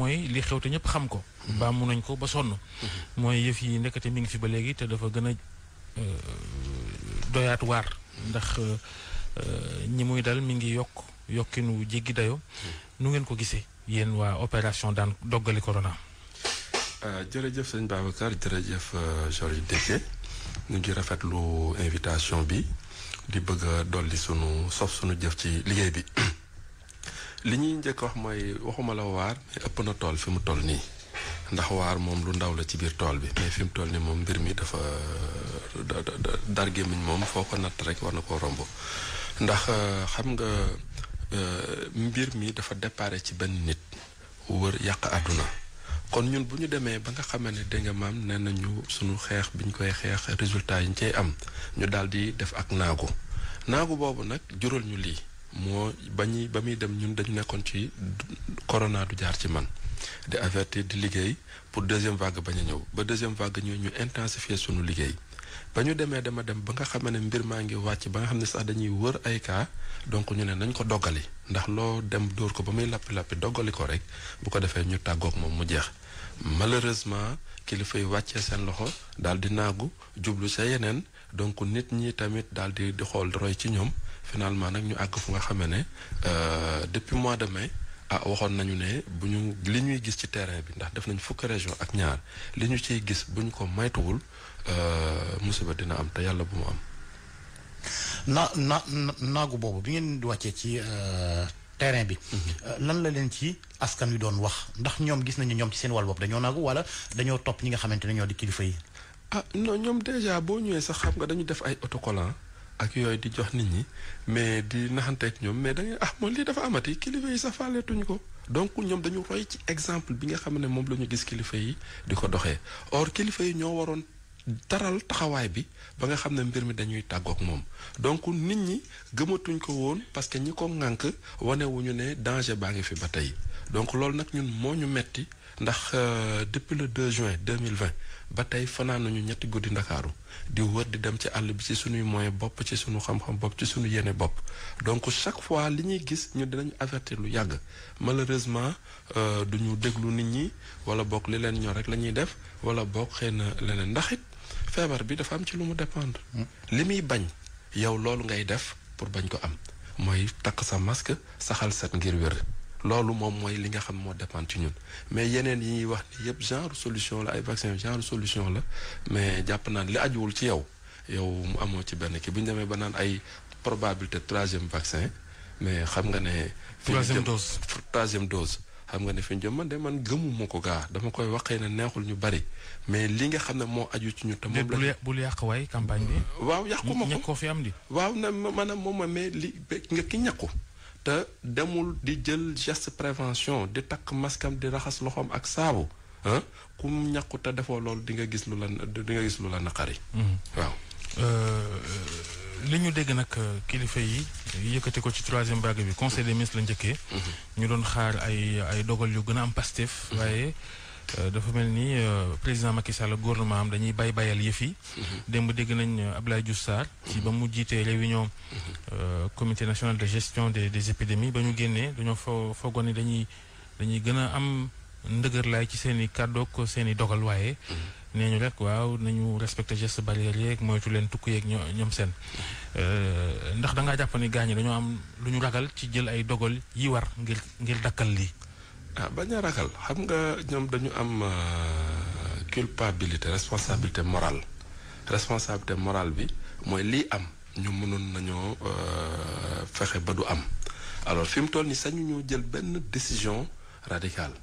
mooy li xew te ñëpp xam ko. baamu nañ ko ba sonn. mooy yëf yi nekk nekkati mi ngi fi ba léegi te dafa gën a euh, doyaat waar. ndax euh, ñi muy dal mi ngi yokk yokkinu jéggi dayo nu ngeen ko gisee yéen waa opération daan doggali corona. Euh, jërëjëf sëñ a jërëjëf Georges Déthié ñu ngi rafetlu invitation bi di bëgg a dolli sunu sof sunu jëf ci liggéey bi. li ñuy njëkk wax mooy waxuma la waar mais ëpp na tool fi mu toll nii ndax waar moom lu ndaw la ci biir tool bi mais fi mu toll nii moom mbir mi dafa dar gémmiñ moom foo ko natt rek war na ko romb ndax euh, xam nga euh, mbir mi dafa déparé ci benn nit wër yàq àdduna kon ñun bu ñu demee ba nga xamee ne dégg maam nee nañu suñu xeex bi ñu koy xeex résultat yi ñu cay am ñu daal di def ak naagu naagu boobu nag jural ñu lii moo ba ñuy ba muy dem ñun dañu nekkoon ci corona du jaar ci man di avertir di liggéey pour deuxième vague bañ a ñëw ba deuxième vague ñëw ñu intensifier sunu liggéey ba ñu demee dama dem ba nga xam ne mbir maa ngi wàcc ba nga xam ne sax dañuy wër ay cas donc ñu ne nañ ko doggali ndax loo dem dóor ko ba muy lappi lappi doggali ko rek bu ko defee ñu tàggoog moom mu jeex malheureusement kilifa yi wàccee seen loxo daal di naagu jublu sa yeneen donc nit ñi tamit daal di di xool roy ci ñoom. finalement nag ñu àgg fu nga xamee ne euh, depuis mois de mai ah waxoon nañu ne bu ñu li ñuy gis ci terrain bi ndax def nañ fukki région ak ñaar li ñu ciy gis bu ñu ko maytuwul euh, musiba dina am te yàlla bu mu am. na na naagu boobu bi ngeen di wàccee ci euh, terrain bi. Mhm. lan la leen ci askan wi doon wax ndax ñoom gis nañu ñoom ci seen wàll bopp dañoo naagu wala dañoo topp ñi nga xamante ne ñoo di kilifa yi. ah non ñoom déjà boo ñëwee sax xam nga dañu def ay autocollants. ak yooyu di jox nit ñi mais di naxanteek ñoom mais da nga ah moom lii dafa amati kilifa yi sax faaleetuñu ko. donc ñoom dañu roy ci exemple bi nga xam ne moom la ñu gis kilifa yi di ko doxee or kilifa yi ñoo waroon taral taxawaay bi ba nga xam ne mbir mi dañuy tàggook moom donc nit ñi gëmatuñ ko woon parce que ñi ko ŋànk wane wu ñu ne danger baa ngi fi ba tey donc loolu nag ñun moo ñu metti ndax euh, depuis le 2 juin 2020 ba tey fanaan nañu ñetti guddi ndakaaru di wër di dem ci àll bi ci suñuy moyen bopp ci suñu xam-xam bopp ci suñu yéene bopp donc chaque fois li ñuy gis ñu dinañu avertir lu yàgg malheureusement euh, du ñu déglu nit ñi wala bokk li leen ñor rek la ñuy def wala bokk xëy na leneen ndax it feebar bi dafa am ci lu mu dépendre hmm. li muy bañ yow loolu ngay def pour bañ ko am mooy takk sa masque saxal set ngir wér loolu moom mooy li nga xam moo dépendre ci ñun mais yeneen yi ñuy wax ni yëpp genre solution la ay vaccin genre solution la mais jàpp naan li ajuwul ci yow yow mu amoo ci benn kii bu ñu demee ba naan ay probabilité troisième vaccin mais xam nga ne. troisième dose troisième dose. xam nga ne fi ñu jëm man de man gëmuma ko gaa dama koy waxee ne neexul ñu bari mais li nga xam ne moo aju ci ñu. te moom la bul yàq waay campagne bi. waaw yàqu ma ko fi am di. waaw na maanaam moom ma mais li nga ki ñàkku te demul di jël geste prévention di takk maskam di raxas loxoom ak saabu ah ku defoo lool di nga gis lu la di nga gis lu la naqari. Mhm. waaw. Euh, euh, li ñu dégg nag euh, kilifa yi yëkkati ko ci troisième vague bi conseil des ministres la njëkkee. Mhm. ñu doon xaar ay ay dogal yu gën a am pastef mhm. waaye. Euh, dafa mel ni euh, président Macky Sall gouvernement am dañuy bay bayal yëf yi. Mhm. démb dégg nañ euh, ab Diouf Sarr. ci ba mu jiitee réunion mhm. comité national de gestion des des épidémies ba ñu génnee dañoo foo foogoon ni dañuy dañuy gën a am ndëgër laay ci seen i kàddoog seen i dogal waaye. Mhm. nee ñu rek waaw nañu respecté geste barrière yeeg moytu leen tukki yeeg ñoom seen. ndax da ngaa jàpp ni gaañ dañoo am lu ñu ragal ci jël ay dogal yi war ngir ngir dakkal lii. Ah, bañ a ragal xam nga ñoom dañu am euh, culpabilité responsabilité morale responsabilité morale bi mooy lii am ñu mënoon nañoo euh, fexe ba du am alors fi mu toll nii sañu ñu jël benn décision radicale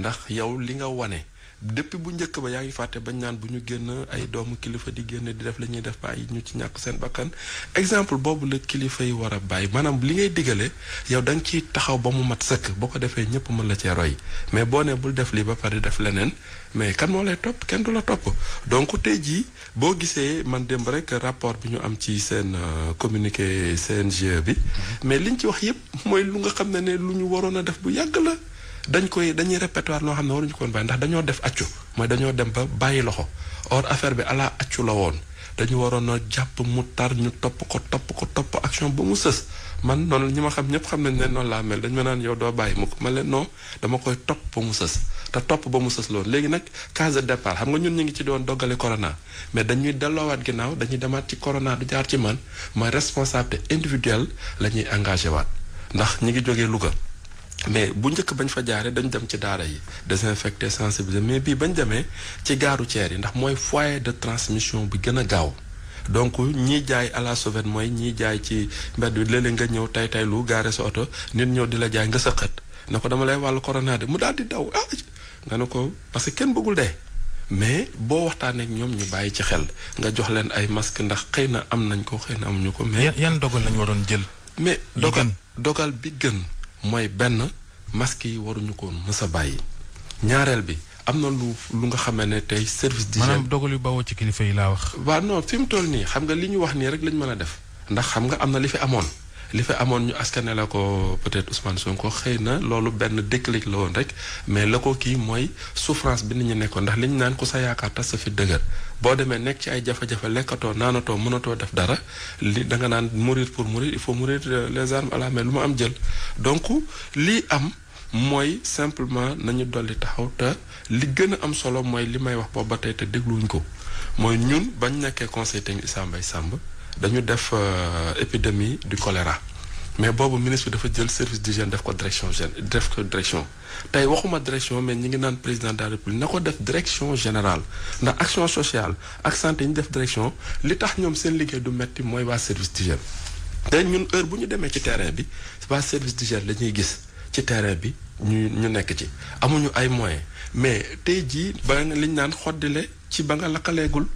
ndax yow li nga wane. depuis bu njëkk ba yaa ngi fàtte bañ naan bu ñu génn ay doomu kilifa di génn di def la ñuy def ba ñu ci ñàkk seen bakkan exemple boobu la kilifa yi war a bàyyi maanaam li ngay digale yow da nga ciy taxaw ba mu mat sëkk boo ko defee ñëpp mën la cee roy mais boo nee bul def lii ba pare def leneen mais kan moo lay topp kenn du la topp donc tey jii boo gisee man démb rek rapport bi ñu am ci seen euh, communiqué CNG bi mm-hmm. mais li ñu ci wax yëpp mooy lu nga xam ne ne lu ñu waroon a def bu yàgg la dañ koy dañuy répertoire noo xam ne waruñu ko woon bàyyi ndax dañoo def accu mooy dañoo dem ba bàyyi loxo or affaire bi ala accu la woon dañu waroon a jàpp mu tar ñu topp ko topp ko topp action ba mu sës man noonu ñi ma xam ñëpp xam nañ ne noonu laa mel dañ ma naan yow doo bàyyi mu ko ma leen non dama koy topp ba mu sës te topp ba mu sës léegi nag case de départ xam nga ñun ñu ngi ci doon doggale corona mais dañuy delloowaat ginnaaw dañuy demaat ci corona du jaar ci man mooy responsabilité individuelle la ñuy engagé waat ndax ñi ngi jógee luga mais bu njëkk bañ fa jaaree dañ dem ci daara yi désinfecté sensible mais bii bañ demee ci gaaru ceer yi ndax mooy foyer de transmission bi gën a gaaw donc ñii jaay à la sauvette mooy ñii jaay ci mbedd bi léeg nga ñëw tay tay lu gaare sa oto nit ñëw di la jaay nga sëqat na ko dama lay wàllu corona de mu daal di daw ah nga ne ko parce que kenn bëggul de mais boo waxtaanee ak ñoom ñu bàyyi ci xel nga jox leen ay masque ndax xëy na am nañ ko xëy na amuñu ko. mais yan dogal lañu waroon jël. mais dogal dogal bi gën. mooy benn masque yi waruñu ko mës a bàyyi ñaareel bi am na lu lu nga xamee ne tey service d'hygiène maanaam dogal yu bawoo ci kilifa yi laa wax. waa non fi mu toll nii xam nga li ñu wax nii rek lañ mën a def ndax xam nga am na li fi amoon. li fa amoon ñu askane la ko peut-être Ousmane ko xëy na loolu benn déclic la woon rek mais la ko kii mooy souffrance bi nit ñi nekkoon ndax li ñu naan ko sa yaakaar tas sa fi dëgër boo demee nekk ci ay jafe-jafe lekkatoo naanatoo mënatoo def dara li da nga naan mourir pour mourir il faut mourir euh, les armes à la main lu ma am jël donc lii am mooy simplement nañu dolli taxaw te li gën a am solo mooy li may wax boobu ba tey te dégluwuñ ko mooy ñun bañ nekkee conseil technique Issa Mbaye dañu def euh, épidémie du choléra mais boobu ministre bi dafa jël service d'hygiène def ko direction gén def ko direction tey waxuma direction mais ñi ngi naan président de la république na ko def direction générale ndax action sociale ak santé ñu def direction li tax ñoom seen liggéey du metti mooy waa service d'hygiène tey ñun heure bu ñu demee ci terrain bi waa service d'hygiène la ñuy gis ci terrain bi ñu ñu nekk ci amuñu ay moyen mais tey jii ba liñ naan xoddile ci ba nga lakkaleegul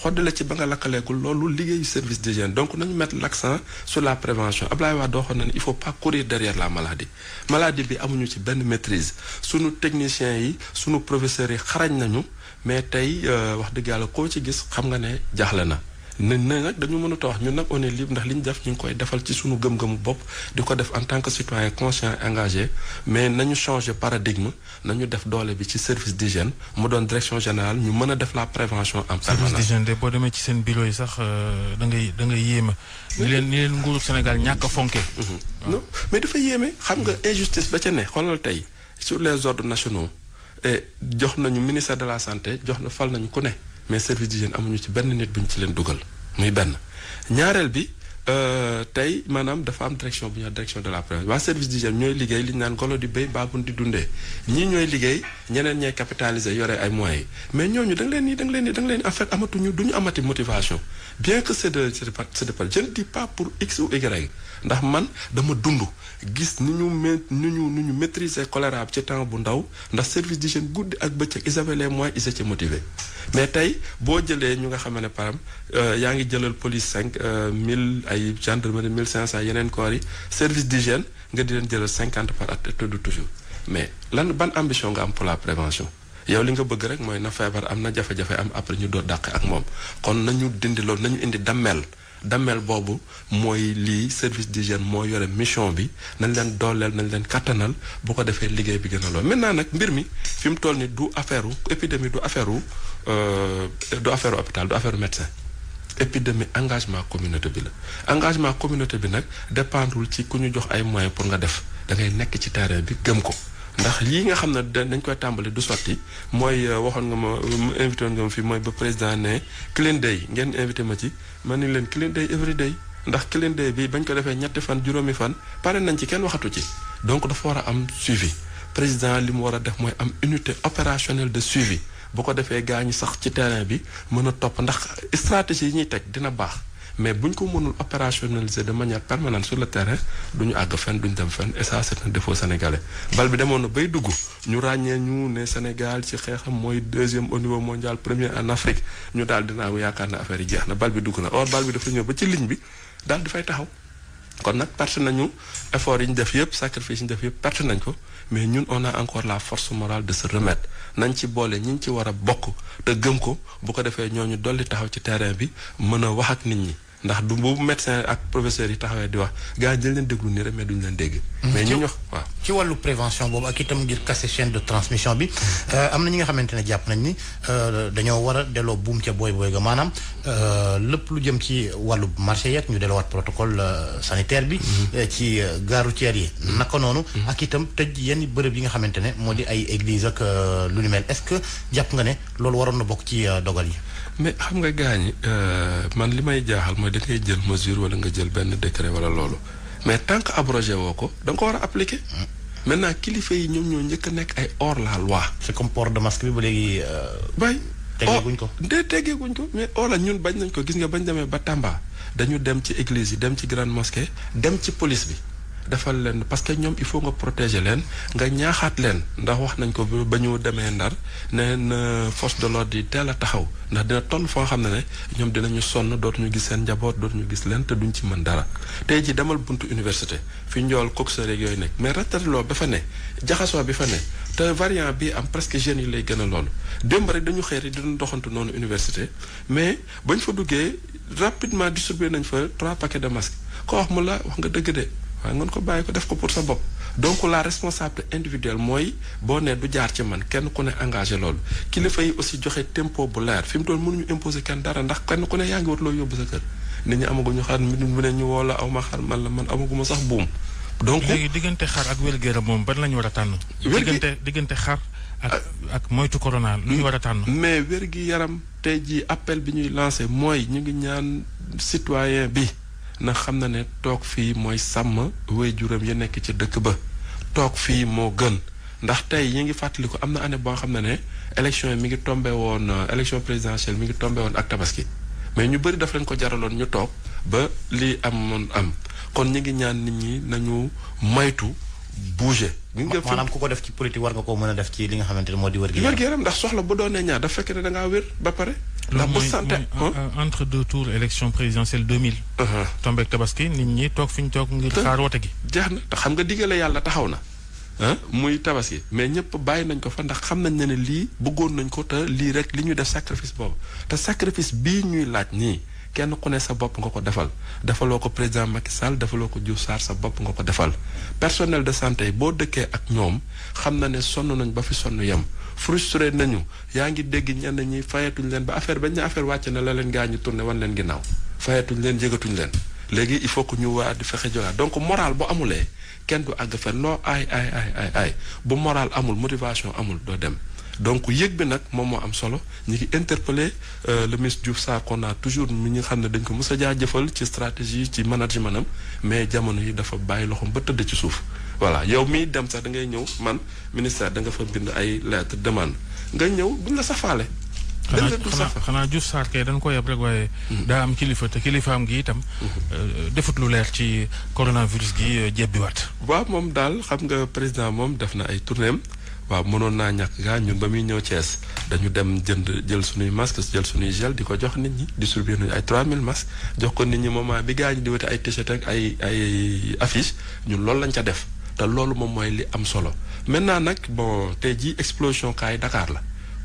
xodd la ci ba nga lakkaleekul loolu liggéeyu service d'hygiène donc nañu mettre l'accent su la prévention Ablaye Wade doo xam ne il faut pas courir derrière la maladie maladie bi amuñu ci benn maîtrise sunu techniciens yi sunu professeurs yi xarañ nañu mais tey euh, wax dëgg yàlla koo ci gis xam nga ne jaaxle na ne ne nag dañu mënut wax ñun nag on est ndax li ñu def ñu ngi koy defal ci suñu gëm-gëmu bopp di ko def en tant que citoyen conscient engagé mais nañu changer paradigme nañu def doole bi ci service d'hygiène mu doon direction général ñu mën a def la prévention en permanence. service d'hygiène de boo demee ci seen bureau yi sax euh, da ngay da ngay yéeme. ni leen ni leen nguuru Sénégal ñàkk a fonke. Mhm. non mais dafa yéeme xam nga injustice ba ca ne xoolal tey sur les ordres nationaux et jox nañu ministère de la santé jox na fal nañu ku ne. mais service d'hygiène amuñu ci benn nit bu ñu ci leen dugal muy benn ñaareel bi euh, tey maanaam dafa am direction bu ñu direction de la presse waa service d'hygiène ñooy liggéey li ñu naan golo di béy baabun di dundee ñii ñooy liggéey ñeneen ñooy capitaliser yore ay moyens mais ñooñu da leen nii da leen ni da nga leen en fait amatuñu du ñu amati motivation bien que c'est de c'est de je ne dis pas pour x ou y ndax man dama dund gis ni ñu mét ni ñu ni ñu maîtriser choléra ci temps bu ndaw ndax service d'hygiène guddi ak bëccëg ils avaient les moyens mais tey boo jëlee ñu nga xam ne par exemple euh, yaa ngi jëlal police cinq euh, mille ay gendarmerie mille cinq cent yeneen corps yi service d'hygiène nga di leen jëlal cinquante par at tudd toujours mais lan ban ambition nga am pour la prévention. yow li nga bëgg rek mooy na feebar am na jafe-jafe am après ñu door dàq ak moom kon nañu dindi loolu nañu indi dammel damel boobu mooy lii service d'hygiène moo yore mission bi nañ leen dooleel nañ leen kattanal bu ko defee liggéey bi gën a lool maintenant nag mbir mi fi mu toll nii du affaire u épidémie du affaire u euh, du affaire u hôpital du affaire u médecin engagement communauté bi la engagement communauté bi nag dépendrul ci ku ñu jox ay moyens pour nga def da ngay nekk ci terrain bi gëm ko ndax lii nga xam ne dañ koy tàmbali du sotti mooy euh, waxoon nga ma euh, invité woon nga ma fii mooy ba président ne clean day ngeen invité ma ci man ni leen clean day every day ndax clean day bi bañ ko defee ñetti fan juróomi fan pare nañ ci kenn waxatu ci donc dafa war a am suivi président li mu war a def mooy am unité opérationnelle de suivi bu ko defee gaa ñi sax ci terrain bi mën a topp ndax stratégie yi ñuy teg dina baax mais bu ñu ko mënul opérationnaliser de manière permanente sur le terrain du ñu àgg fen duñu ñu dem fenn et ça c'est un bal bi demoon na bay dugg ñu ràññee ñu ne Sénégal ci xeexam mooy deuxième au niveau mondial premier en Afrique ñu daal dinaa yaakaar na affaire yi jeex na bal bi dugg na or bal bi def ñëw ba ci ligne bi daal di fay taxaw. kon nag perte nañu effort yi ñu def yëpp sacrifice yi ñu def yëpp perte nañ ko mais ñun on a encore la force morale de se nañ ci boole ñi ñu ci war a bokk te gëm ko bu ko defee ñooñu dolli taxaw ci terrain bi mën a wax nit ñi. ndax du boobu médecin ak professeur yi taxawee di wax gars yi dañ leen déglu nii rek mais duñ leen dégg. mais ñu wax waaw. ci wàllu prévention boobu ak itam ngir casser chaîne de transmission bi euh, am na ñi nga xamante ne jàpp nañ ni euh, dañoo war a delloo buum ca booy booy ga maanaam euh, lépp lu jëm ci wàllu marché yeeg ñu delloowaat protocole sanitaire bi. Mm-hmm. ci gare routière yi mm-hmm. naka noonu. Mm-hmm. ak itam tëj yenn bërëb yi nga xamante ne moo di ay église ak lu ni mel est-ce que jàpp nga ne loolu waroon na bokk ci dogal yi. mais xam nga gaañi euh, man li may jaaxal mooy da ngay jël mesure wala nga jël benn décret wala loolu mais tant que abrogé woo ko da nga ko war a appliquer. maintenant kilifa yi ñoom ñoo njëkk nekk ay hors la loi. c'est comme port de masque bi ba léegi. Euh, bay teggeeguñ ko de ko mais oh ñun bañ nañ ko gis nga bañ demee ba Tamba dañu dem ci église yi dem ci grande mosquée dem ci police bi. defal leen parce que ñoom il faut nga protégé leen nga ñaaxaat leen ndax wax nañ ko ba ñu demee ndar nee na force de l'ordre yi teel a taxaw ndax dina toll foo xam ne ne ñoom dinañu sonn dootuñu gis seen njaboot dootuñu gis leen te duñ ci mën dara. tey ji demal bunt université fi njool coxeur yooyu nekk mais retraitloo ba fa ne jaxasoo bi fa ne te variant bi am presque jeunes yi lay gën a loolu démb rek dañu xeer yi dinañ doxantu noonu université mais bañ fa duggee rapidement distribué nañ fa trois paquets de masques ko wax mu la wax nga dëgg waaye ngeen ko bàyyi ko def ko pour sa bopp donc la responsabilité individuelle mooy boo nee du jaar ci man kenn ku ne engagé loolu kilifa yi aussi joxe tempo bu leer fi mu doon mënuñu imposer kenn dara ndax kenn ku ne yaa ngi wut loo yóbbu sa kër nit ñu amaguñu xar mu ne ñu woo la aw ma xar man la man amaguma sax buum. donc léegi diggante xar ak wér-gu-yaram moom ban la ñu war a tànn. diggante diggante xar ak moytu corona lu ñu war a tànn. mais wér gi yaram tey jii appel bi ñuy lancé mooy ñu ngi ñaan citoyen bi. na xam na ne toog fii mooy sàmm waajuram ya nekk ci dëkk ba toog fii moo gën ndax tey yi ngi fàttaliku am na ane boo xam ne ne élection yi mi ngi tombe woon euh, élection présidentielle mi ngi tombe woon ak tabaski mais ñu bëri daf leen ko jaraloon ñu toog ba lii amoon am kon ñu ngi ñaan nit ñi nañu moytu bouger. maanaam ku ko def ci politique war nga koo mën a def ci li nga xamante ne moo di wér-gu-yaram ndax soxla bu doonee ñaar daf fekk ne da ngaa wér ba pare. ndax pourcentage euh, euh, entre deux tours élection présidentielle 2000. Uh-huh. tombeek tabaski nit ñi toog fi ñu toog ngir xaar wote gi. jeex na te xam nga diggale yàlla taxaw na. muy tabaski mais ñëpp bàyyi nañ ko fa ndax xam nañ ne lii bëggoon nañ ko te lii rek li ñu def sacrifice boobu te sacrifice bii ñuy laaj nii kenn ku ne sa bopp nga ko defal defaloo ko président Macky Sall defaloo ko Diouf Sarr sa bopp nga ko defal personnel de santé boo dëkkee ak ñoom xam na ne sonn nañ ba fi sonn yem. frustré nañu yaa ngi dégg ñenn ñi fayatuñ leen ba affaire bañ ne affaire wàcc na la leen gaa ñu tourné wan leen ginnaaw fayatuñ leen yëgatuñ leen léegi il faut que ñu waa di fexe joxe donc moral bu amulee kenn du àgg fa loo ay ay ay ay ay bu moral amul motivation amul doo dem donc yëg bi nag moom moo am solo ñu ngi interpellé euh, le ministre Diouf Sarr qu'on toujours mi ñu xam ne dañ ko mës a jëfal ci stratégie ci management am mais jamono yi dafa bàyyi loxoom ba tëdd ci suuf voilà yow miy dem sax da ngay ñëw man ministère da nga fa bind ay lettre demande nga ñëw buñ la safaale. xanaa xanaa xanaa Diouf Sarr kay ko yab rek waaye. Mhm. daa am kilifa te kilifaam gi itam. Mhm. Euh, defut lu leer ci coronavirus gi euh, jebbiwaat. waaw moom daal xam nga président moom def na ay tournée am waaw mënoon naa ñàkk gaa ñun ba muy ñëw cees dañu dem jënd jël sunuy masque jël sunuy gel di ko jox nit ñi distribué nañu ay 3000 masques jox ko nit ñi moment bi gaa ñi di wute ay t-shirt ay ay affiche ñun loolu lañ ca def. te loolu moom mooy li am solo maintenant nag bon te jii explosion kaay dakaar la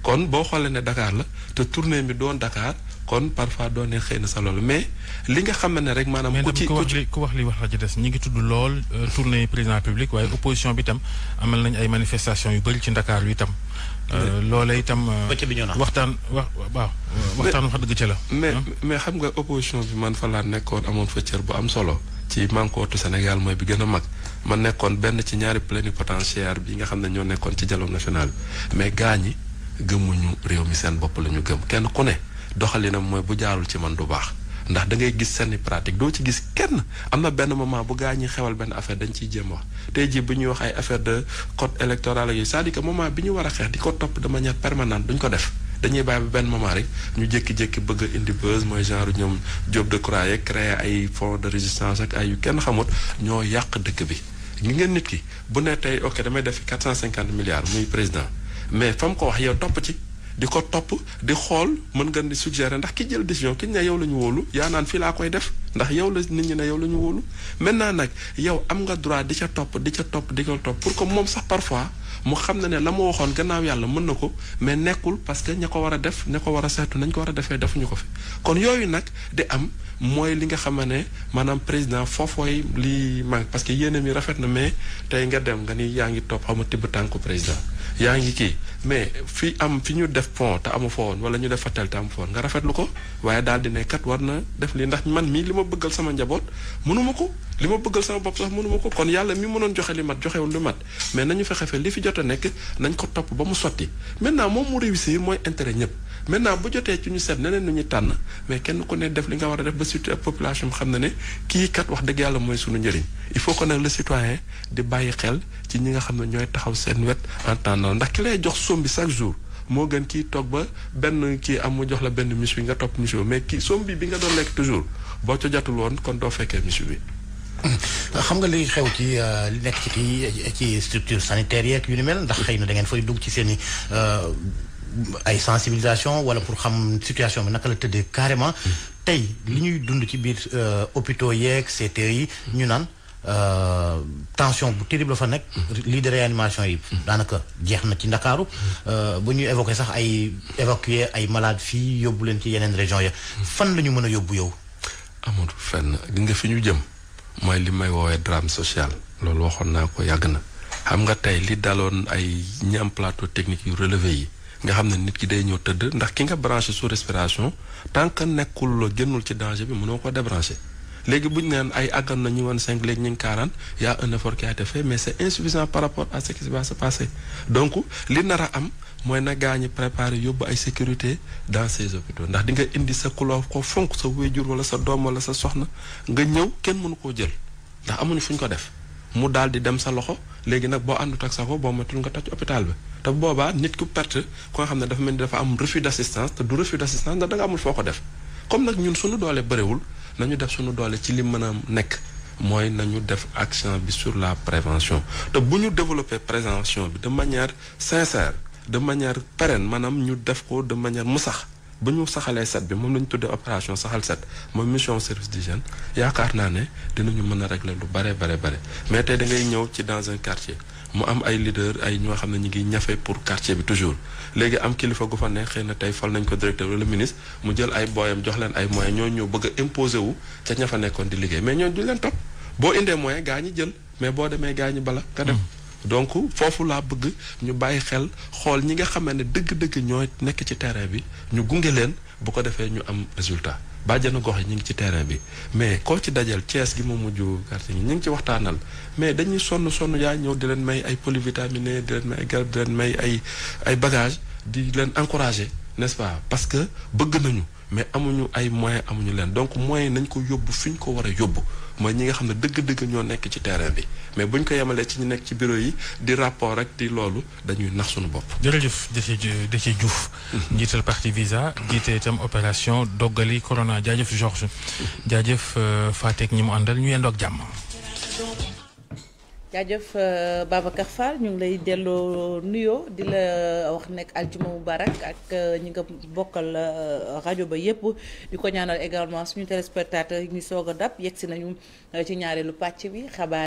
kon boo xoolee ne dakaar la te tournée bi doon Dakar kon parfois doon ne xëy na sa loolu mais li nga xam ne rek maanaam. ku ci ku wax li wax li wax la ci des ñi ngi tudd lool euh, tournée président public waaye opposition bi tam amal nañ ay manifestation yu bëri ci ndakaar wi tam. Euh, loolee itam euh, waxtaan wax waaw waxtaan wax dëgg ci la. mais mais xam nga opposition bi man fa laa nekkoon amoon fa cër bu am solo. ci Manko Sénégal mooy bi gën a mag. ma nekkoon benn ci ñaari plénipotentiaire bi nga xam ne ñoo nekkoon ci dialogue national bi mais gaa ñi gëmuñu réew mi seen bopp la ñu gëm kenn ku ne doxalinam mooy bu jaarul ci man du baax ndax da ngay gis seeni pratique doo ci gis kenn am na benn moment bu gaa ñi xewal benn affaire dañu ciy jéem wax tey jii bu ñuy wax ay affaire de code électorale yu yooyu cest à moment bi ñu war a xeex di ko topp de manière permanente duñ ko def dañuy bàyyi ba benn moment rek ñu jékki bëgg indi buzz mooy genre ñoom Diop Decroix yeeg créer ay fonds de résistance ak ay yu kenn xamut ñoo yàq dëkk bi ngi ngeen nit ki bu ne tey ok damay def quatre cent cinquante milliards muy président mais fa mu ko wax yow topp ci di ko topp di xool mën nga di suggérer ndax ki jël décision ki ne yow la ñu wóolu yaa naan fii laa koy def ndax yow la nit ñi ne yow la ñu wóolu maintenant nag yow am nga droit di ca topp di ca topp di ko topp pour que moom sax parfois. mu xam ne ne la mu waxoon gannaaw yàlla mën na ko mais nekkul parce que ña ko war a def ña ko war a seetu nañ ko war a defee defuñu ko fi kon yooyu nag di am mooy li nga xam ne maanaam président foofooy lii manque parce que yéene mi rafet na mais tey nga dem nga ni yaa ngi topp xaw ma tibb tànku président yaa ngi kii mais fi am fi ñu def pont te amu woon wala ñu def fatel te amu foon nga lu ko waaye daal di ne war na def lii ndax man mii li ma bëggal sama njaboot mënuma ko li ma bëggal sama bopp sax mënuma ko kon yàlla mi mënoon joxe li mat joxewul li mat mais nañu fexe fe li fi jot a nekk nañ ko topp ba mu sotti maintenant moom mu réussir mooy intérêt ñëpp maintenant bu jotee ci ñu seet neneen nu ñu tànn mais kenn ku ne def li nga war a def ba surtout population xam na ne kii kat wax dëgg yàlla mooy suñu njariñ il faut que nag le citoyen di bàyyi xel ci ñi nga xam ne ñooy taxaw seen wet en temps ndax ki lay jox somme chaque jour moo gën kii toog ba benn kii am mu jox la benn miss bi nga topp miss bi mais kii somme bi bi nga doon lekk toujours boo ca jotul woon kon doo fekkee miss bi. xam nga li xew ci euh, li nekk ci ci structure sanitaire yeeg yu ni mel ndax xëy na da ngeen fay dugg ci seen euh, ay sensibilisation wala pour xam situation bi naka la tëddee carrément tey li ñuy dund ci biir euh, hôpitaux yeeg yi ñu naan euh, tension bu terrible fa nekk lii de réanimation yi daanaka jeex na ci ndakaaru euh, bu ñuy évoqué sax ay évacuer ay malade fii yóbbu leen ci yeneen région ya fan la ñu mën a yóbbu yow amatu fenn gi nga fi ñu jëm mooy li may woowee drame social loolu waxoon naa ko yàgg na xam nga tey li daloon ay ñi am plateau technique yu relevé yi nga xam ne nit ki day ñëw tëdd ndax ki nga branché sous respiration tant que nekkul génnul ci danger bi mënoo ko débranché léegi bu ñu naan ay àggan na ñu woon cinq léegi ñu ngi quarante y a un effort qui a été fait mais c'est insuffisant par rapport à ce qui se passer donc li nara am mooy na gaa ñi préparer yóbbu ay sécurité dans ces hôpitaux ndax di nga indi sa kuloo ko fonk sa wéjur wala sa doom wala sa soxna nga ñëw kenn mënu koo jël ndax amuñu fu ñu ko def mu daal di dem sa loxo léegi nag boo àndut ak sa ko boo matul nga toj hôpital bi te boobaa nit ku perte ko nga xam ne dafa mel ni dafa am refus d'assistance te du refus d'assistance ndax danga nga amul foo ko def comme nag ñun suñu doole bëriwul nañu def suñu doole ci li mën a nekk mooy na ñu def action bi sur la prévention te bu ñu développer prévention bi de manière sincère de manière pérenne maanaam ñu def ko de manière mu sax bu ñu saxalee set bi moom la ñu tuddee opération saxal set mooy mission service d'hygiène yaakaar naa ne dinañu mën a rek la lu bare bare bare mais tey da ngay ñëw ci dans un quartier mu am ay leader ay ñoo xam ne ñu ngi ñafe pour quartier bi toujours léegi am kilifa gu fa ne xëy na tey fal nañ ko directeur wala ministre mu jël ay booyam jox leen ay moyens ñoo ñëw bëgg a wu ca ña nekkoon di liggéey mais ñoo du leen topp boo indee moyen gaa ñi jël mais boo demee gaa ñi bala nga dem donc foofu laa bëgg ñu bàyyi xel xool ñi nga xam ne dëgg-dëgg ñooy nekk ci terrain bi ñu gunge leen bu ko defee ñu am résultat bàjjenu gox yi ñu ngi ci terrain bi mais koo ci dajal Thiès gi mu mujj quartier yi ñu ngi ci waxtaanal mais dañuy sonn sonn yaa ñëw di leen may ay polyvitaminé di leen may ay garab di leen may ay ay bagage di leen encouragé n'est-ce pas parce que bëgg nañu mais amuñu ay moyen amuñu leen donc moyen nañ ko yóbbu fi ñu ko war a yóbbu mooy ñi nga xam ne dëgg-dëgg ñoo nekk ci terrain bi mais buñ ko yemalee ci ñu nekk ci bureau yi di rapport rek di loolu dañuy nax sunu bopp. jërëjëf Déthié Diouf. Mm-hmm. njiital parti visa jiite itam opération doggali corona jaajëf Georges mm-hmm. jaajëf euh, faateek ñi mu àndal ñu yendoo jàmm. jaajëf euh, Babacar Fall ñu ngi lay delloo nuyoo di la euh, wax nekk aljuma mubarak ak euh, ñi nga bokkal rajo ba yépp di ko ñaanal également suñu téléspectateur yi ñu soog a dab yegg si nañu ci ñaareelu pàcc bi xabaar